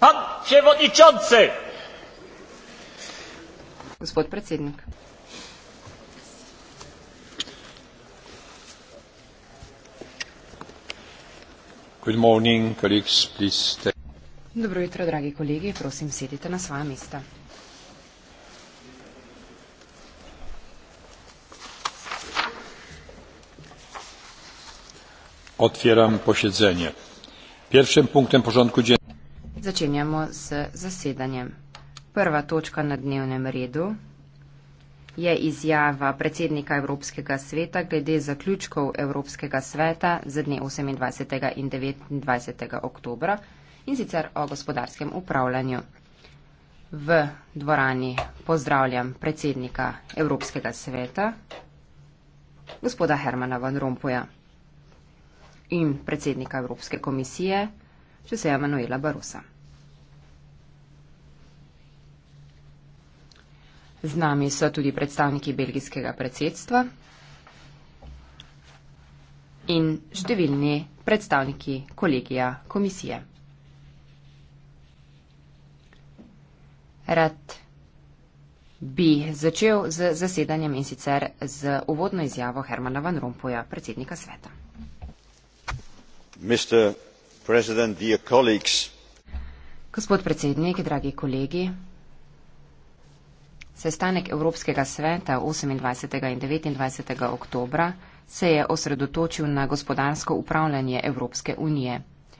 Pan przewodniczący! Gospod predsednik. Good morning, colleagues, please stay. Dobro jutro, dragi kolegi, prosim, sedite na svoja mesta. Otvaram posedenje. Prvim punktom porządku dne. Začenjamo z zasedanjem. Prva točka na dnevnem redu je izjava predsednika Evropskega sveta glede zaključkov Evropskega sveta z dne 28. in 29. oktobra in sicer o gospodarskem upravljanju. V dvorani pozdravljam predsednika Evropskega sveta, gospoda Hermana Van Rompuja in predsednika Evropske komisije, Josea Manuela Barusa. Z nami so tudi predstavniki belgijskega predsedstva in številni predstavniki kolegija komisije. Rad bi začel z zasedanjem in sicer z uvodno izjavo Hermana Van Rompuja, predsednika sveta. Gospod predsednik, dragi kolegi, Sestanek Evropskega sveta 28. in 29. oktobra se je osredotočil na gospodarsko upravljanje Evropske unije.